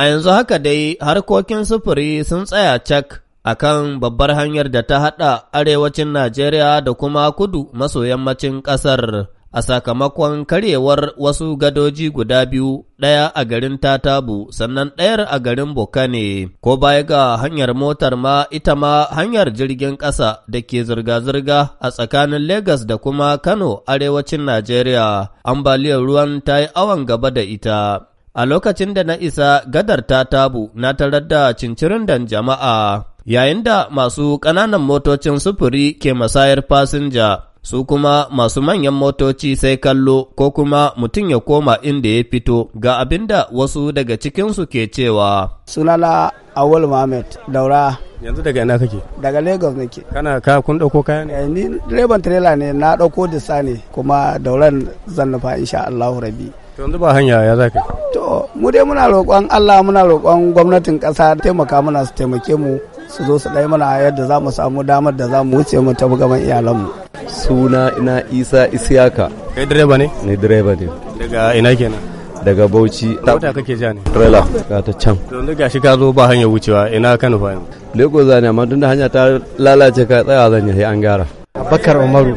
A yanzu haka dai harkokin sufuri sun tsaya cak a kan babbar hanyar da ta haɗa arewacin Najeriya da kuma kudu maso yammacin ƙasar a sakamakon karyewar wasu gadoji guda biyu ɗaya a garin Tatabu sannan ɗayar a garin Bokane ko baya ga hanyar motar ma ita ma hanyar jirgin ƙasa da ke zirga-zirga a tsakanin Legas da kuma Kano arewacin Najeriya ambaliyar ruwan ta yi awon gaba da ita. A lokacin da na isa gadar ta tabu na tarar da cincirin dan jama'a yayin da masu ƙananan motocin sufuri ke masayar fasinja. su kuma masu manyan motoci sai kallo ko kuma mutum ya koma inda ya fito ga abinda wasu daga cikinsu ke cewa. Sunana Awul Mohammed Daura yanzu daga ina kake daga lagos nake kana ka kun dauko kaya ne eh, ni direban trailer ne na dauko disa ne kuma dauran zan nufa insha allahu rabi to yanzu ba hanya ya ka to mu dai muna roƙon Allah muna roƙon gwamnatin ƙasa taimaka mana su taimake mu su zo su dai mana yadda za mu samu damar da za mu wuce mu tafi gaban iyalanmu suna ina isa isiyaka kai direba ne ni direba ne daga ina kenan daga Bauchi. Mota kake ja ne? Trailer. Ga ta can. ga gashi ka zo ba hanyar wucewa ina ka fa yanzu. lagos zane amma tunda hanya ta lalace ka tsaya zan yi an gara bakar umaru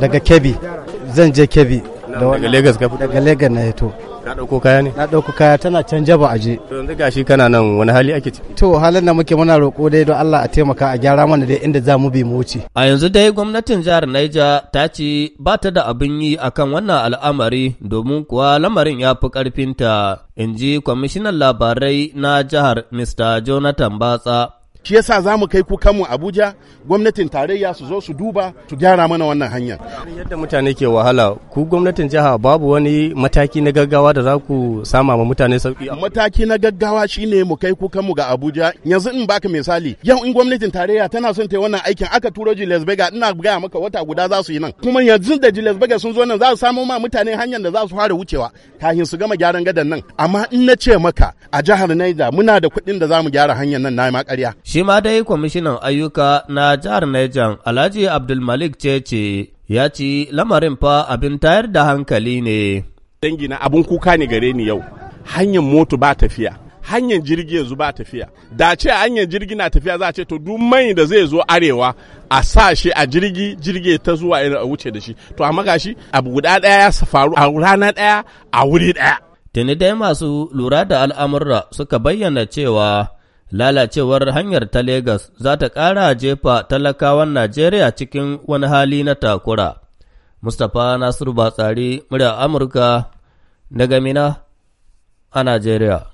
daga kebbi zan je kebbi daga lagos ka daga lagos na yato. ka ɗauko kaya ne na ɗauko kaya tana can jaba aje to yanzu gashi kana nan wani hali ake ciki to halin da muke muna roƙo dai don Allah a taimaka a gyara mana dai inda za mu bi mu wuce a yanzu dai gwamnatin jihar Niger ta ce ba ta da abin yi akan wannan al'amari domin kuwa lamarin ya fi ƙarfinta in ji kwamishinan labarai na jihar Mr. Jonathan Batsa shi yasa za mu kai kukanmu abuja gwamnatin tarayya su zo su duba su gyara mana wannan hanyar yadda mutane ke wahala ku gwamnatin jiha babu wani mataki na gaggawa da za ku sama ma mutane sauki mataki na gaggawa shine mu kai kukanmu ga abuja yanzu in baka misali yau in gwamnatin tarayya tana son ta wannan aikin aka turo jiles bega ina gaya maka wata guda za su yi nan kuma yanzu da jiles bega sun zo nan za su samo ma mutane hanyar da za su fara wucewa kafin su gama gyaran gadan nan amma in na ce maka a jihar Niger muna da kuɗin da za mu gyara hanyar nan na ma ƙarya Shi ma dai kwamishinan ayyuka na jihar Niger Alhaji Abdulmalik Cece ya ci lamarin fa abin tayar da hankali ne. Dangi na abin kuka ne gare ni yau, hanyar moto ba tafiya, hanyar jirgi yanzu ba tafiya. Da ce hanyar jirgi na tafiya za a ce to duk mai da zai zo arewa a sa shi a jirgi jirgi ta zuwa a wuce da shi. To amma gashi abu guda ɗaya ya safaru a rana ɗaya a wuri ɗaya. Tuni dai masu lura da al'amurra suka bayyana cewa lalacewar hanyar ta Legas za ta ƙara jefa talakawan Najeriya cikin wani hali na takura. Mustapha Nasiru Batsari, murya Amurka, daga Mina a Najeriya.